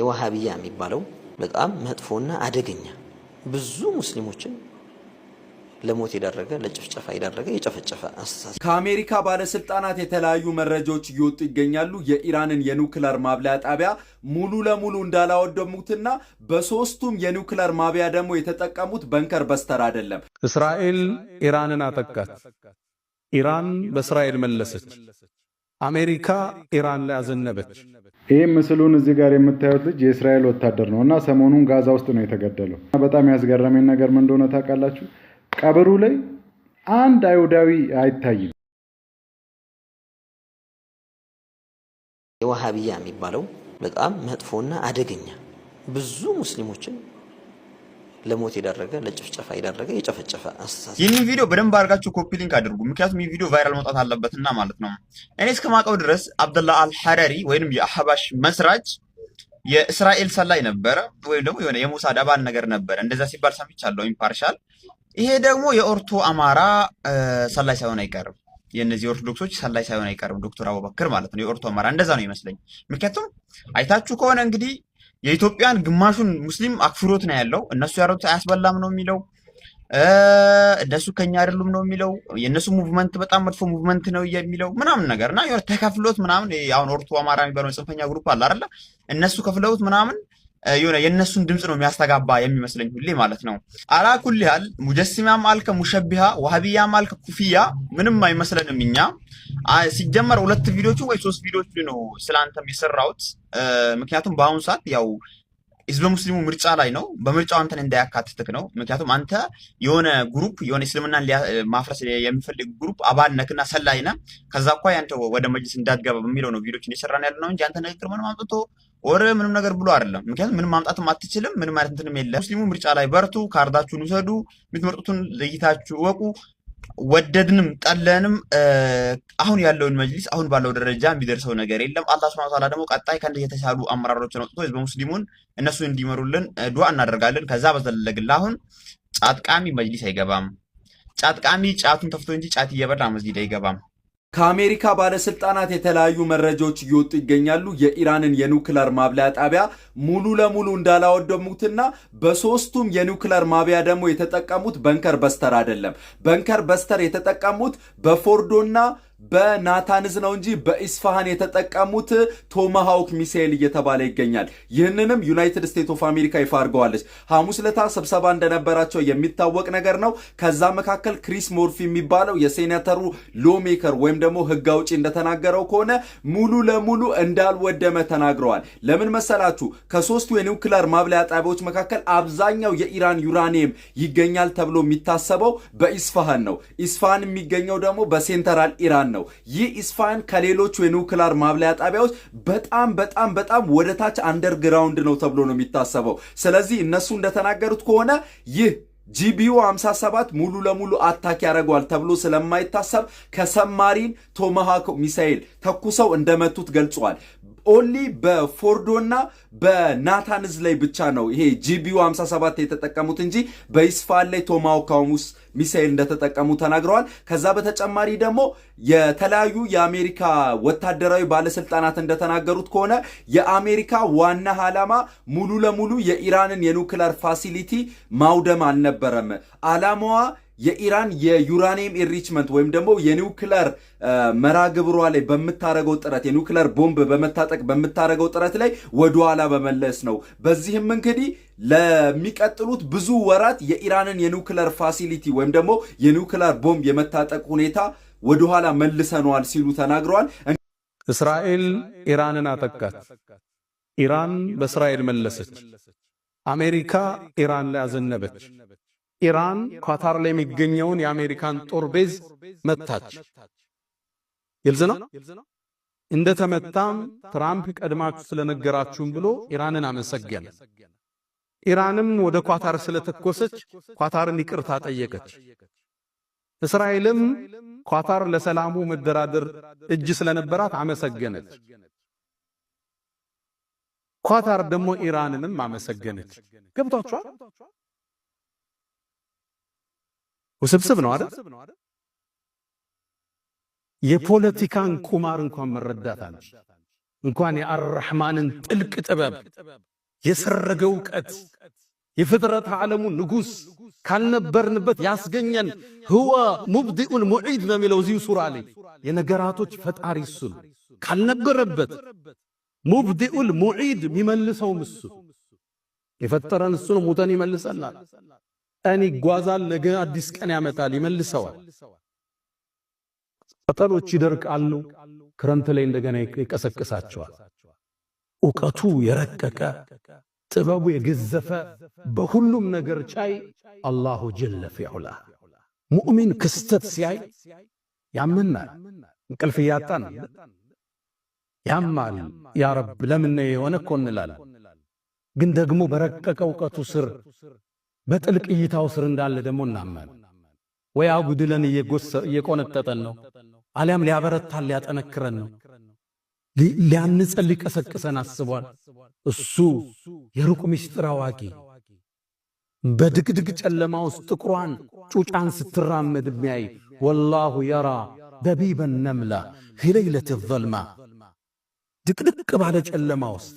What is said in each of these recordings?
የዋሃቢያ የሚባለው በጣም መጥፎና አደገኛ ብዙ ሙስሊሞችን ለሞት የዳረገ ለጭፍጨፋ የዳረገ የጨፈጨፈ አስተሳሰብ። ከአሜሪካ ባለስልጣናት የተለያዩ መረጃዎች እየወጡ ይገኛሉ። የኢራንን የኒውክለር ማብለያ ጣቢያ ሙሉ ለሙሉ እንዳላወደሙትና በሶስቱም የኒውክለር ማብያ ደግሞ የተጠቀሙት በንከር በስተር አይደለም። እስራኤል ኢራንን አጠቃት፣ ኢራን በእስራኤል መለሰች። አሜሪካ ኢራን ላይ አዘነበች። ይህም ምስሉን እዚህ ጋር የምታዩት ልጅ የእስራኤል ወታደር ነው እና ሰሞኑን ጋዛ ውስጥ ነው የተገደለው። በጣም ያስገረመኝ ነገር ምን እንደሆነ ታውቃላችሁ? ቀብሩ ላይ አንድ አይሁዳዊ አይታይም። የዋሃብያ የሚባለው በጣም መጥፎና አደገኛ ብዙ ሙስሊሞችን ለሞት የዳረገ ለጭፍጨፋ የዳረገ የጨፈጨፈ አስተሳሰብ። ይህን ቪዲዮ በደንብ አድርጋችሁ ኮፒ ሊንክ አድርጉ፣ ምክንያቱም ይህ ቪዲዮ ቫይራል መውጣት አለበትና ማለት ነው። እኔ እስከማውቀው ድረስ አብደላ አልሐረሪ ወይም የአህባሽ መስራች የእስራኤል ሰላይ ነበረ፣ ወይም ደግሞ የሆነ የሞሳድ አባል ነገር ነበረ። እንደዛ ሲባል ሰምቻለሁ ኢምፓርሻል። ይሄ ደግሞ የኦርቶ አማራ ሰላይ ሳይሆን አይቀርም። የእነዚህ ኦርቶዶክሶች ሰላይ ሳይሆን አይቀርም ዶክተር አቡበክር ማለት ነው። የኦርቶ አማራ እንደዛ ነው ይመስለኝ። ምክንያቱም አይታችሁ ከሆነ እንግዲህ የኢትዮጵያን ግማሹን ሙስሊም አክፍሮት ነው ያለው። እነሱ ያሉት አያስበላም ነው የሚለው። እነሱ ከኛ አይደሉም ነው የሚለው። የእነሱ ሙቭመንት በጣም መጥፎ ሙቭመንት ነው የሚለው ምናምን ነገር እና ተከፍሎት ምናምን አሁን ኦርቶ አማራ የሚባለው ጽንፈኛ ግሩፕ አለ አይደለ? እነሱ ከፍለውት ምናምን የሆነ የእነሱን ድምፅ ነው የሚያስተጋባ የሚመስለኝ ሁሌ ማለት ነው። አላ ኩል ያህል ሙጀሲማም አልከ ሙሸቢሃ ዋህቢያም አልከ ኩፍያ ምንም አይመስለንም እኛ። ሲጀመር ሁለት ቪዲዮቹ ወይ ሶስት ቪዲዮቹ ነው ስለአንተም የሰራሁት። ምክንያቱም በአሁኑ ሰዓት ያው ህዝበ ሙስሊሙ ምርጫ ላይ ነው። በምርጫው አንተን እንዳያካትትክ ነው። ምክንያቱም አንተ የሆነ ግሩፕ የሆነ እስልምናን ማፍረስ የሚፈልግ ግሩፕ አባል ነክና ሰላይ ነህ። ከዛ እኳ ያንተ ወደ መጅልስ እንዳትገባ በሚለው ነው ቪዲዮችን የሰራን ያለ ነው እንጂ አንተ ንግግር ምንም አምጥቶ ወረ ምንም ነገር ብሎ አይደለም። ምክንያቱም ምንም ማምጣትም አትችልም። ምንም አይነት እንትንም የለም። ሙስሊሙ ምርጫ ላይ በርቱ፣ ካርዳችሁን ውሰዱ፣ የምትመርጡትን ለይታችሁ እወቁ። ወደድንም ጠለንም አሁን ያለውን መጅሊስ አሁን ባለው ደረጃ የሚደርሰው ነገር የለም። አላህ ሱብሃነሁ ወተዓላ ደግሞ ቀጣይ ከእንደ የተሻሉ አመራሮችን አውጥቶ ህዝበ ሙስሊሙን እነሱ እንዲመሩልን ዱዓ እናደርጋለን። ከዛ በዘለለ አሁን ጫት ቃሚ መጅሊስ አይገባም። ጫት ቃሚ ጫቱን ተፍቶ እንጂ ጫት እየበላ መስጊድ አይገባም። ከአሜሪካ ባለስልጣናት የተለያዩ መረጃዎች እየወጡ ይገኛሉ። የኢራንን የኒውክለር ማብለያ ጣቢያ ሙሉ ለሙሉ እንዳላወደሙትና በሶስቱም የኒውክለር ማብያ ደግሞ የተጠቀሙት በንከር በስተር አይደለም። በንከር በስተር የተጠቀሙት በፎርዶና በናታንዝ ነው እንጂ በኢስፋሃን የተጠቀሙት ቶማሃውክ ሚሳኤል እየተባለ ይገኛል። ይህንንም ዩናይትድ ስቴትስ ኦፍ አሜሪካ ይፋ አድርገዋለች። ሐሙስ ለታ ስብሰባ እንደነበራቸው የሚታወቅ ነገር ነው። ከዛ መካከል ክሪስ ሞርፊ የሚባለው የሴኔተሩ ሎሜከር ወይም ደግሞ ህግ አውጪ እንደተናገረው ከሆነ ሙሉ ለሙሉ እንዳልወደመ ተናግረዋል። ለምን መሰላችሁ? ከሶስቱ የኒውክለር ማብለያ ጣቢያዎች መካከል አብዛኛው የኢራን ዩራኒየም ይገኛል ተብሎ የሚታሰበው በኢስፋሃን ነው። ኢስፋሃን የሚገኘው ደግሞ በሴንተራል ኢራን ኢስፋን ነው። ይህ ኢስፋን ከሌሎቹ የኒውክላር ማብለያ ጣቢያዎች በጣም በጣም በጣም ወደታች አንደርግራውንድ ነው ተብሎ ነው የሚታሰበው። ስለዚህ እነሱ እንደተናገሩት ከሆነ ይህ ጂቢዩ 57 ሙሉ ለሙሉ አታክ ያደርገዋል ተብሎ ስለማይታሰብ ከሰማሪን ቶማሃክ ሚሳኤል ተኩሰው እንደመቱት ገልጿል። ኦንሊ በፎርዶና በናታንዝ ላይ ብቻ ነው ይሄ ጂቢዩ 57 የተጠቀሙት እንጂ በኢስፋን ላይ ቶማሃውክ ካሙስ ሚሳኤል እንደተጠቀሙ ተናግረዋል። ከዛ በተጨማሪ ደግሞ የተለያዩ የአሜሪካ ወታደራዊ ባለስልጣናት እንደተናገሩት ከሆነ የአሜሪካ ዋና ዓላማ ሙሉ ለሙሉ የኢራንን የኑክለር ፋሲሊቲ ማውደም አልነበረም። ዓላማዋ የኢራን የዩራኒየም ኢንሪችመንት ወይም ደግሞ የኒውክለር መራግብሯ ላይ በምታረገው ጥረት የኒውክለር ቦምብ በመታጠቅ በምታረገው ጥረት ላይ ወደ በመለስ ነው። በዚህም እንግዲህ ለሚቀጥሉት ብዙ ወራት የኢራንን የኒውክለር ፋሲሊቲ ወይም ደግሞ የኒውክለር ቦምብ የመታጠቅ ሁኔታ ወደኋላ መልሰነዋል ሲሉ ተናግረዋል። እስራኤል ኢራንን አጠቃት፣ ኢራን በእስራኤል መለሰች። አሜሪካ ኢራን ላይ አዘነበች። ኢራን ኳታር ላይ የሚገኘውን የአሜሪካን ጦር ቤዝ መታች። ይልዝ ነው። እንደተመታም ትራምፕ ቀድማችሁ ስለነገራችሁም ብሎ ኢራንን አመሰገነ። ኢራንም ወደ ኳታር ስለተኮሰች ኳታርን ይቅርታ ጠየቀች። እስራኤልም ኳታር ለሰላሙ መደራደር እጅ ስለነበራት አመሰገነች። ኳታር ደግሞ ኢራንንም አመሰገነች። ገብቷችኋል? ውስብስብ ነው አይደል? የፖለቲካን ቁማር እንኳን መረዳት አለ እንኳን የአርራሕማንን ጥልቅ ጥበብ የሰረገ እውቀት የፍጥረት ዓለሙ ንጉሥ ካልነበርንበት ያስገኘን ህወ ሙብዲኡል ሙዒድ ነው የሚለው እዚሁ ሱራ ላይ የነገራቶች ፈጣሪ እሱ ነው። ካልነበረበት ሙብዲኡል ሙዒድ የሚመልሰውም እሱ የፈጠረን እሱ ነው። ሙተን ይመልሰናል። ቀን ይጓዛል፣ ነገ አዲስ ቀን ያመጣል፣ ይመልሰዋል። ቅጠሎች ይደርቃሉ፣ ክረምት ላይ እንደገና ይቀሰቅሳቸዋል። እውቀቱ የረቀቀ ጥበቡ የገዘፈ በሁሉም ነገር ቻይ አላሁ ጀለ ፊዑላ። ሙእሚን ክስተት ሲያይ ያምናል። እንቅልፍ እያጣን ያማል። ያ ረብ ለምን የሆነ እኮ እንላለን፣ ግን ደግሞ በረቀቀ እውቀቱ ስር በጥልቅ እይታው ስር እንዳለ ደግሞ እናማል። ወይ አጉድለን እየቆነጠጠን ነው አሊያም ሊያበረታን ሊያጠነክረን ነው፣ ሊያንጸን ሊቀሰቅሰን አስቧል። እሱ የሩቅ ምስጢር አዋቂ በድቅድቅ ጨለማ ውስጥ ጥቁሯን ጩጫን ስትራመድ የሚያይ ወላሁ የራ ደቢበ ነምላ ፊ ለይለት ዘልማ ድቅድቅ ባለ ጨለማ ውስጥ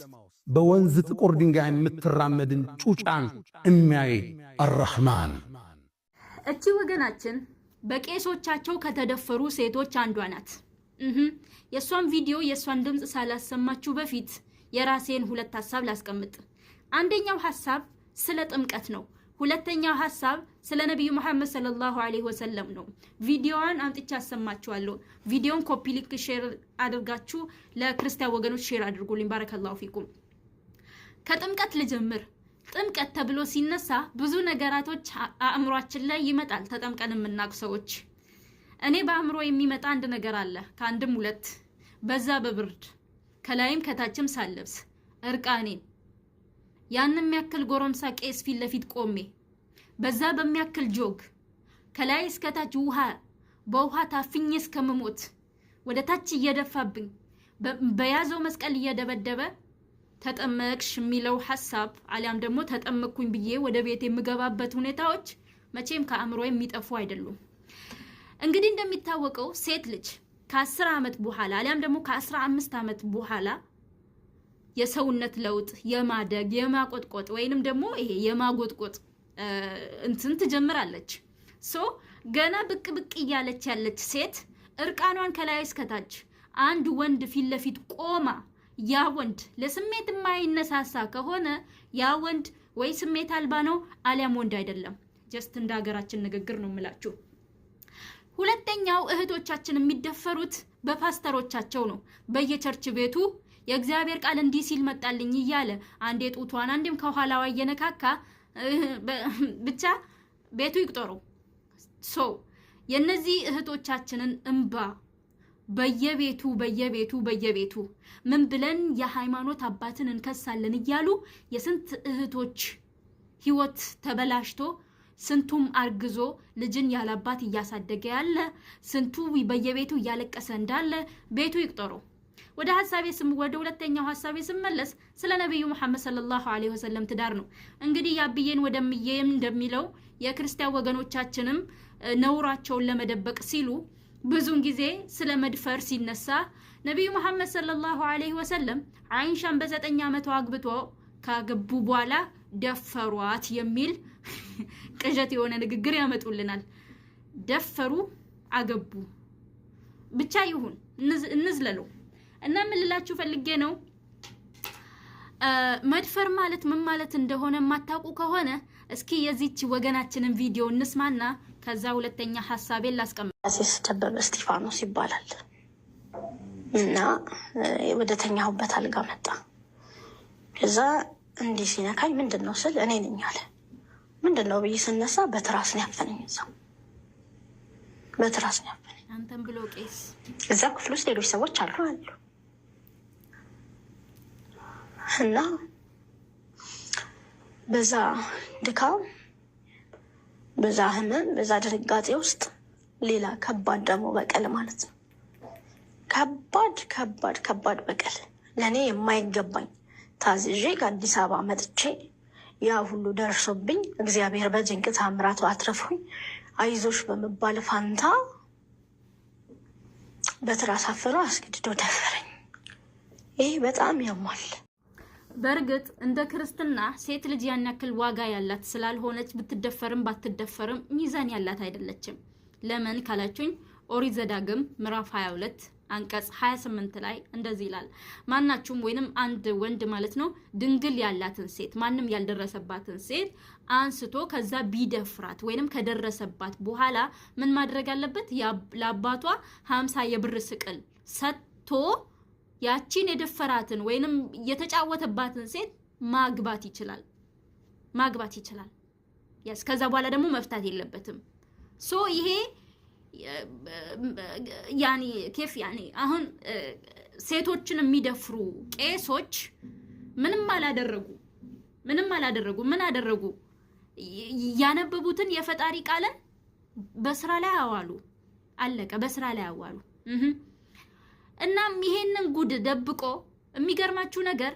በወንዝ ጥቁር ድንጋይ የምትራመድን ጩጫን የሚያይ አራህማን እቺ ወገናችን በቄሶቻቸው ከተደፈሩ ሴቶች አንዷ ናት። የእሷን ቪዲዮ የእሷን ድምፅ ሳላሰማችሁ በፊት የራሴን ሁለት ሀሳብ ላስቀምጥ። አንደኛው ሀሳብ ስለ ጥምቀት ነው። ሁለተኛው ሀሳብ ስለ ነቢዩ መሐመድ ሰለላሁ አለይሂ ወሰለም ነው። ቪዲዮዋን አምጥቼ አሰማችኋለሁ። ቪዲዮን ኮፒ ሊንክ ሼር አድርጋችሁ ለክርስቲያን ወገኖች ሼር አድርጉልኝ። ባረከላሁ ፊኩም። ከጥምቀት ልጀምር። ጥምቀት ተብሎ ሲነሳ ብዙ ነገራቶች አእምሯችን ላይ ይመጣል። ተጠምቀን የምናውቅ ሰዎች እኔ በአእምሮ የሚመጣ አንድ ነገር አለ። ከአንድም ሁለት በዛ በብርድ ከላይም ከታችም ሳለብስ እርቃኔን ያንም የሚያክል ጎረምሳ ቄስ ፊት ለፊት ቆሜ በዛ በሚያክል ጆግ ከላይ እስከ ታች ውሃ በውሃ ታፍኜ እስከምሞት ወደ ታች እየደፋብኝ በያዘው መስቀል እየደበደበ ተጠመቅሽ የሚለው ሀሳብ አሊያም ደግሞ ተጠመቅኩኝ ብዬ ወደ ቤት የምገባበት ሁኔታዎች መቼም ከአእምሮ የሚጠፉ አይደሉም። እንግዲህ እንደሚታወቀው ሴት ልጅ ከአስር ዓመት በኋላ አሊያም ደግሞ ከአስራ አምስት ዓመት በኋላ የሰውነት ለውጥ የማደግ የማቆጥቆጥ ወይንም ደግሞ ይሄ የማጎጥቆጥ እንትን ትጀምራለች። ሶ ገና ብቅ ብቅ እያለች ያለች ሴት እርቃኗን ከላይ እስከታች አንድ ወንድ ፊት ለፊት ቆማ ያ ወንድ ለስሜት የማይነሳሳ ከሆነ ያ ወንድ ወይ ስሜት አልባ ነው አሊያም ወንድ አይደለም። ጀስት እንደ ሀገራችን ንግግር ነው የምላችሁ። ሁለተኛው እህቶቻችን የሚደፈሩት በፓስተሮቻቸው ነው። በየቸርች ቤቱ የእግዚአብሔር ቃል እንዲህ ሲል መጣልኝ እያለ አንዴ ጡቷን አንዴም ከኋላዋ እየነካካ ብቻ ቤቱ ይቁጠሩ ሶ የእነዚህ እህቶቻችንን እምባ በየቤቱ በየቤቱ በየቤቱ ምን ብለን የሃይማኖት አባትን እንከሳለን እያሉ የስንት እህቶች ህይወት ተበላሽቶ ስንቱም አርግዞ ልጅን ያለአባት እያሳደገ ያለ ስንቱ በየቤቱ እያለቀሰ እንዳለ ቤቱ ይቅጠሩ። ወደ ሀሳቤ ስም ወደ ሁለተኛው ሀሳቤ ስመለስ ስለ ነቢዩ መሐመድ ሰለላሁ ዐለይሂ ወሰለም ትዳር ነው። እንግዲህ ያብዬን ወደምዬም እንደሚለው የክርስቲያን ወገኖቻችንም ነውራቸውን ለመደበቅ ሲሉ ብዙን ጊዜ ስለ መድፈር ሲነሳ ነቢዩ መሐመድ ሰለላሁ አለይህ ወሰለም አይንሻን በዘጠኝ ዓመቱ አግብቶ ካገቡ በኋላ ደፈሯት የሚል ቅዠት የሆነ ንግግር ያመጡልናል። ደፈሩ፣ አገቡ፣ ብቻ ይሁን እንዝለለው እና የምልላችሁ ፈልጌ ነው። መድፈር ማለት ምን ማለት እንደሆነ የማታውቁ ከሆነ እስኪ የዚች ወገናችንን ቪዲዮ እንስማና ከዛ ሁለተኛ ሀሳቤን ላስቀምጥ። ቀሲስ ደበበ እስጢፋኖስ ይባላል እና ወደ ተኛሁበት አልጋ መጣ። ከዛ እንዲህ ሲነካኝ ምንድን ነው ስል እኔ ነኝ አለ። ምንድን ነው ብዬ ስነሳ በትራስ ነው ያፈነኝ። እዛው በትራስ ነው ያፈነኝ። አንተን ብሎ ቄስ እዛ ክፍል ውስጥ ሌሎች ሰዎች አሉ አሉ እና በዛ ድካም በዛ ህመም በዛ ድንጋጤ ውስጥ ሌላ ከባድ ደግሞ በቀል ማለት ነው። ከባድ ከባድ ከባድ በቀል ለእኔ የማይገባኝ ታዝዤ ከአዲስ አበባ መጥቼ ያ ሁሉ ደርሶብኝ እግዚአብሔር በድንቅ ታምራቱ አትረፉኝ አይዞሽ በመባል ፋንታ በትራስ አሳፍሮ አስገድዶ ደፈረኝ። ይህ በጣም ያሟል። በእርግጥ እንደ ክርስትና ሴት ልጅ ያን ያክል ዋጋ ያላት ስላልሆነች ብትደፈርም ባትደፈርም ሚዛን ያላት አይደለችም። ለምን ካላችሁኝ ኦሪት ዘዳግም ምዕራፍ 22 አንቀጽ 28 ላይ እንደዚህ ይላል። ማናችሁም ወይንም አንድ ወንድ ማለት ነው ድንግል ያላትን ሴት ማንም ያልደረሰባትን ሴት አንስቶ ከዛ ቢደፍራት ወይንም ከደረሰባት በኋላ ምን ማድረግ አለበት? ለአባቷ 50 የብር ስቅል ሰጥቶ ያቺን የደፈራትን ወይንም የተጫወተባትን ሴት ማግባት ይችላል ማግባት ይችላል። ያስ ከዛ በኋላ ደግሞ መፍታት የለበትም። ሶ ይሄ ያኒ ኬፍ ያኒ አሁን ሴቶችን የሚደፍሩ ቄሶች ምንም አላደረጉ ምንም አላደረጉ ምን አደረጉ? ያነበቡትን የፈጣሪ ቃልን በስራ ላይ አዋሉ። አለቀ። በስራ ላይ አዋሉ። እናም ይሄንን ጉድ ደብቆ የሚገርማችሁ ነገር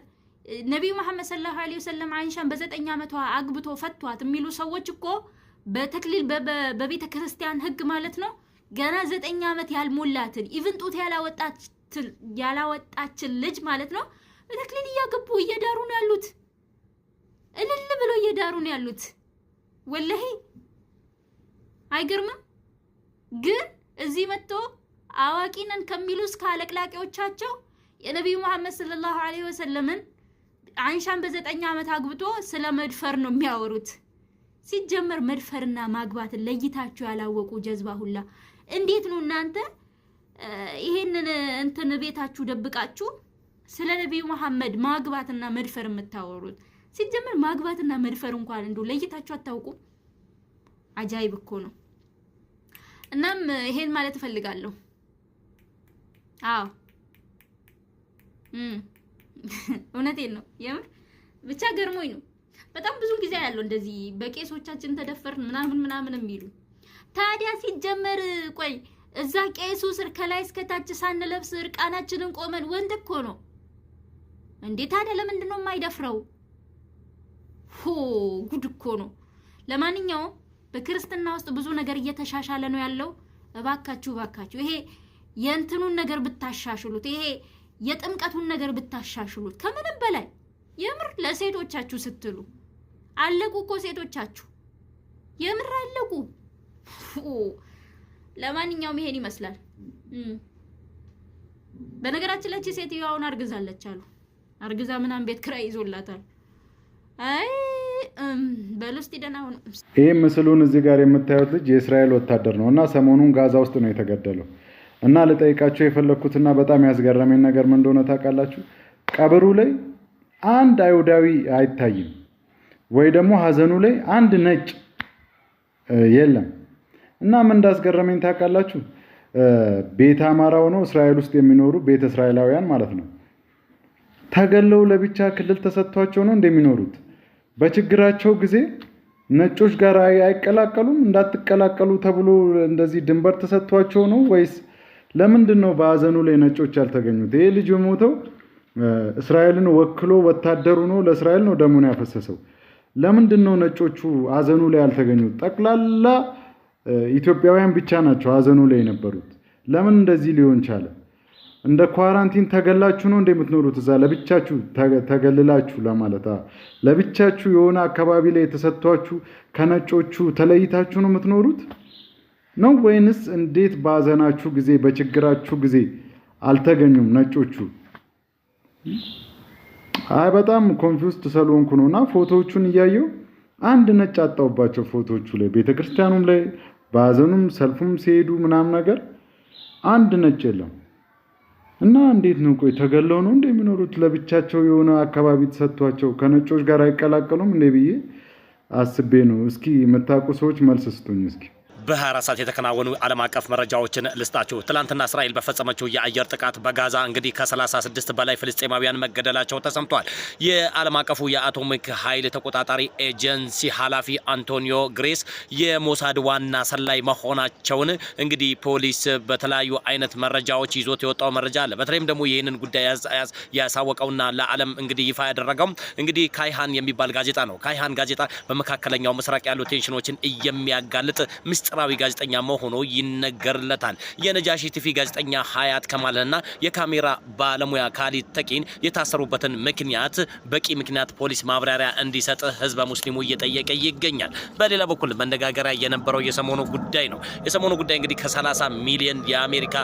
ነቢዩ መሐመድ ሰለላሁ ዐለይሂ ወሰለም አይንሻን በዘጠኝ ዓመቷ አግብቶ ፈቷት የሚሉ ሰዎች እኮ በተክሊል በቤተ ክርስቲያን ህግ ማለት ነው ገና ዘጠኝ ዓመት ያልሞላትን ኢቭን ጡት ያላወጣችን ልጅ ማለት ነው በተክሊል እያገቡ እየዳሩ ነው ያሉት። እልል ብሎ እየዳሩ ነው ያሉት። ወላሂ አይገርምም? ግን እዚህ መጥቶ አዋቂ ነን ከሚሉ እስከ አለቅላቂዎቻቸው የነቢዩ መሐመድ ሰለላሁ ዐለይሂ ወሰለምን አንሻን በዘጠኝ ዓመት አግብቶ ስለ መድፈር ነው የሚያወሩት። ሲጀመር መድፈርና ማግባትን ለይታችሁ ያላወቁ ጀዝባ ሁላ እንዴት ነው እናንተ ይሄንን እንትን ቤታችሁ ደብቃችሁ ስለ ነቢዩ መሐመድ ማግባትና መድፈር የምታወሩት? ሲጀመር ማግባትና መድፈር እንኳን እንዱ ለይታችሁ አታውቁም። አጃይብ እኮ ነው። እናም ይሄን ማለት እፈልጋለሁ። አዎ እውነቴን ነው። የምር ብቻ ገርሞኝ ነው። በጣም ብዙ ጊዜ ያለው እንደዚህ በቄሶቻችን ተደፈርን ምናምን ምናምን የሚሉ ታዲያ ሲጀመር ቆይ እዛ ቄሱ ስር ከላይ እስከታች ሳንለብስ እርቃናችንን ቆመን ወንድ እኮ ነው እንዴ! ታዲያ ለምንድን ነው የማይደፍረው? ሆ ጉድ እኮ ነው። ለማንኛውም በክርስትና ውስጥ ብዙ ነገር እየተሻሻለ ነው ያለው። እባካችሁ እባካችሁ ይሄ የእንትኑን ነገር ብታሻሽሉት፣ ይሄ የጥምቀቱን ነገር ብታሻሽሉት፣ ከምንም በላይ የምር ለሴቶቻችሁ ስትሉ አለቁ እኮ ሴቶቻችሁ፣ የምር አለቁ። ለማንኛውም ይሄን ይመስላል። በነገራችን ላይ ሴትዮዋ አሁን አርግዛለች አሉ። አርግዛ ምናምን ቤት ክራይ ይዞላታል። አይ በሉስቲ ደህና ሁኑ። ይህ ምስሉን እዚህ ጋር የምታዩት ልጅ የእስራኤል ወታደር ነው እና ሰሞኑን ጋዛ ውስጥ ነው የተገደለው። እና ልጠይቃቸው የፈለግኩትና በጣም ያስገረመኝ ነገር ምን እንደሆነ ታውቃላችሁ? ቀብሩ ላይ አንድ አይሁዳዊ አይታይም፣ ወይ ደግሞ ሀዘኑ ላይ አንድ ነጭ የለም። እና ምን እንዳስገረመኝ ታውቃላችሁ? ቤተ አማራ ሆነው እስራኤል ውስጥ የሚኖሩ ቤተ እስራኤላውያን ማለት ነው ተገለው ለብቻ ክልል ተሰጥቷቸው ነው እንደሚኖሩት። በችግራቸው ጊዜ ነጮች ጋር አይቀላቀሉም። እንዳትቀላቀሉ ተብሎ እንደዚህ ድንበር ተሰጥቷቸው ነው ወይስ ለምንድን ነው በሀዘኑ ላይ ነጮች ያልተገኙት? ይሄ ልጅ የሞተው እስራኤልን ወክሎ ወታደሩ ነው፣ ለእስራኤል ነው ደሙን ያፈሰሰው። ለምንድን ነው ነጮቹ ሀዘኑ ላይ ያልተገኙት? ጠቅላላ ኢትዮጵያውያን ብቻ ናቸው ሀዘኑ ላይ የነበሩት። ለምን እንደዚህ ሊሆን ቻለ? እንደ ኳራንቲን ተገላችሁ ነው የምትኖሩት? እዛ ለብቻችሁ ተገልላችሁ ለማለት ለብቻችሁ የሆነ አካባቢ ላይ የተሰጥቷችሁ ከነጮቹ ተለይታችሁ ነው የምትኖሩት? ነው ወይንስ እንዴት ባዘናችሁ ጊዜ በችግራችሁ ጊዜ አልተገኙም ነጮቹ? አይ በጣም ኮንፊውስድ ስለሆንኩ ነው። እና ፎቶዎቹን እያየው አንድ ነጭ አጣውባቸው ፎቶዎቹ ላይ ቤተክርስቲያኑም ላይ በሐዘኑም ሰልፉም ሲሄዱ ምናምን ነገር አንድ ነጭ የለም። እና እንዴት ነው ቆይ ተገለው ነው እንደ የሚኖሩት ለብቻቸው የሆነ አካባቢ ተሰጥቷቸው ከነጮች ጋር አይቀላቀሉም እንዴ ብዬ አስቤ ነው። እስኪ የምታውቁ ሰዎች መልስ ስጡኝ እስኪ። በ24 ሰዓት የተከናወኑ ዓለም አቀፍ መረጃዎችን ልስጣችሁ። ትላንትና እስራኤል በፈጸመችው የአየር ጥቃት በጋዛ እንግዲህ ከ36 በላይ ፍልስጤማውያን መገደላቸው ተሰምቷል። የዓለም አቀፉ የአቶሚክ ኃይል ተቆጣጣሪ ኤጀንሲ ኃላፊ አንቶኒዮ ግሬስ የሞሳድ ዋና ሰላይ መሆናቸውን እንግዲህ ፖሊስ በተለያዩ አይነት መረጃዎች ይዞት የወጣው መረጃ አለ። በተለይም ደግሞ ይህንን ጉዳይ ያሳወቀውና ለዓለም እንግዲህ ይፋ ያደረገው እንግዲህ ካይሃን የሚባል ጋዜጣ ነው። ካይሃን ጋዜጣ በመካከለኛው ምስራቅ ያሉ ቴንሽኖችን እየሚያጋልጥ ምስጥ ኤርትራዊ ጋዜጠኛ መሆኑ ይነገርለታል። የነጃሺ ቲቪ ጋዜጠኛ ሀያት ከማልና የካሜራ ባለሙያ ካሊድ ተቂን የታሰሩበትን ምክንያት በቂ ምክንያት ፖሊስ ማብራሪያ እንዲሰጥ ህዝበ ሙስሊሙ እየጠየቀ ይገኛል። በሌላ በኩል መነጋገሪያ የነበረው የሰሞኑ ጉዳይ ነው። የሰሞኑ ጉዳይ እንግዲህ ከ30 ሚሊዮን የአሜሪካ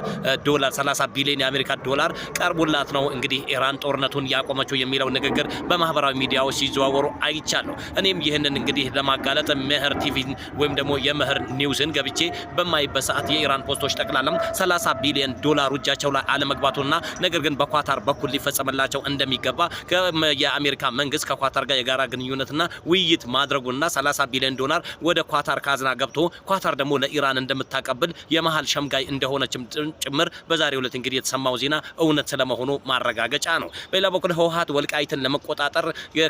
ዶላር 30 ቢሊዮን የአሜሪካ ዶላር ቀርቡላት ነው እንግዲህ ኢራን ጦርነቱን ያቆመችው የሚለው ንግግር በማህበራዊ ሚዲያዎች ሲዘዋወሩ አይቻለሁ። እኔም ይህንን እንግዲህ ለማጋለጥ ምህር ቲቪ ወይም ደግሞ የምህር ኒውስ ቴሌቪዥን ገብቼ በማይበት ሰዓት የኢራን ፖስቶች ጠቅላላም 30 ቢሊዮን ዶላር እጃቸው ላይ አለመግባቱና ነገር ግን በኳታር በኩል ሊፈጸምላቸው እንደሚገባ የአሜሪካ መንግስት ከኳታር ጋር የጋራ ግንኙነትና ውይይት ማድረጉና 30 ቢሊዮን ዶላር ወደ ኳታር ካዝና ገብቶ ኳታር ደግሞ ለኢራን እንደምታቀብል የመሀል ሸምጋይ እንደሆነችም ጭምር በዛሬው ዕለት እንግዲህ የተሰማው ዜና እውነት ስለመሆኑ ማረጋገጫ ነው። በሌላ በኩል ህወሀት ወልቃይትን ለመቆጣጠር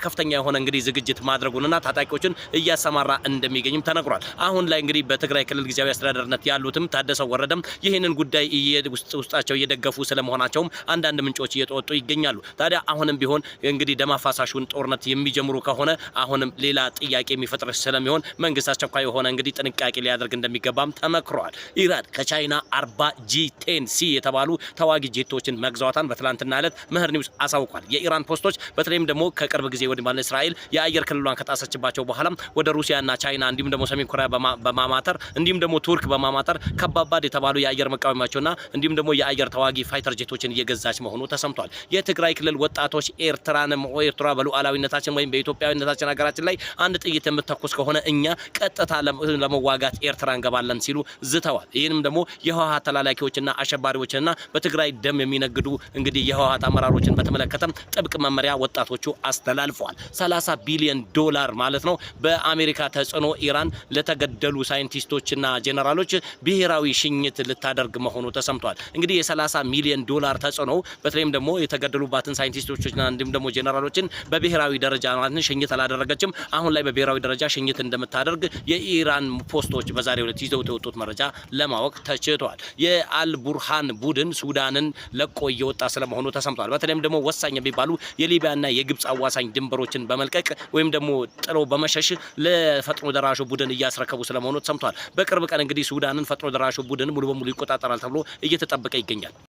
ከፍተኛ የሆነ እንግዲህ ዝግጅት ማድረጉንና ታጣቂዎችን እያሰማራ እንደሚገኝም ተነግሯል። አሁን ላይ እንግዲህ በትግራይ በትግራይ ክልል ጊዜያዊ አስተዳደርነት ያሉትም ታደሰ ወረደም ይህንን ጉዳይ ውስጣቸው እየደገፉ ስለመሆናቸውም አንዳንድ ምንጮች እየተወጡ ይገኛሉ። ታዲያ አሁንም ቢሆን እንግዲህ ደም አፋሳሹን ጦርነት የሚጀምሩ ከሆነ አሁንም ሌላ ጥያቄ የሚፈጥር ስለሚሆን መንግስት አስቸኳይ የሆነ እንግዲህ ጥንቃቄ ሊያደርግ እንደሚገባም ተመክሯል። ኢራን ከቻይና አርባ ጂ ቴን ሲ የተባሉ ተዋጊ ጄቶችን መግዛቷን በትላንትና ዕለት ምህር ኒውስ አሳውቋል። የኢራን ፖስቶች በተለይም ደግሞ ከቅርብ ጊዜ ወዲህ እስራኤል የአየር ክልሏን ከጣሰችባቸው በኋላ ወደ ሩሲያና ቻይና እንዲሁም ደግሞ ሰሜን ኮሪያ በማማተር እንዲሁም ደግሞ ቱርክ በማማጠር ከባባድ የተባሉ የአየር መቃወሚያቸውና እንዲሁም ደግሞ የአየር ተዋጊ ፋይተር ጀቶችን እየገዛች መሆኑ ተሰምቷል። የትግራይ ክልል ወጣቶች ኤርትራንም ኤርትራ በሉዓላዊነታችን ወይም በኢትዮጵያዊነታችን ሀገራችን ላይ አንድ ጥይት የምተኩስ ከሆነ እኛ ቀጥታ ለመዋጋት ኤርትራ እንገባለን ሲሉ ዝተዋል። ይህንም ደግሞ የህወሀት ተላላኪዎችና አሸባሪዎችና በትግራይ ደም የሚነግዱ እንግዲህ የህወሀት አመራሮችን በተመለከተም ጥብቅ መመሪያ ወጣቶቹ አስተላልፈዋል። 30 ቢሊዮን ዶላር ማለት ነው በአሜሪካ ተጽዕኖ ኢራን ለተገደሉ ሳይንቲስቶች አዛዦችና ጄኔራሎች ብሔራዊ ሽኝት ልታደርግ መሆኑ ተሰምቷል። እንግዲህ የ30 ሚሊዮን ዶላር ተጽዕኖ በተለይም ደግሞ የተገደሉባትን ሳይንቲስቶችና እንዲሁም ደግሞ ጄኔራሎችን በብሔራዊ ደረጃ ማለት ሽኝት አላደረገችም። አሁን ላይ በብሔራዊ ደረጃ ሽኝት እንደምታደርግ የኢራን ፖስቶች በዛሬው ዕለት ይዘው የወጡት መረጃ ለማወቅ ተችቷል። የአልቡርሃን ቡድን ሱዳንን ለቆ እየወጣ ስለመሆኑ ተሰምቷል። በተለይም ደግሞ ወሳኝ የሚባሉ የሊቢያና የግብፅ አዋሳኝ ድንበሮችን በመልቀቅ ወይም ደግሞ ጥሎ በመሸሽ ለፈጥኖ ደራሹ ቡድን እያስረከቡ ስለመሆኑ ተሰምቷል። በቅርብ ቀን እንግዲህ ሱዳንን ፈጥኖ ደራሹ ቡድን ሙሉ በሙሉ ይቆጣጠራል ተብሎ እየተጠበቀ ይገኛል።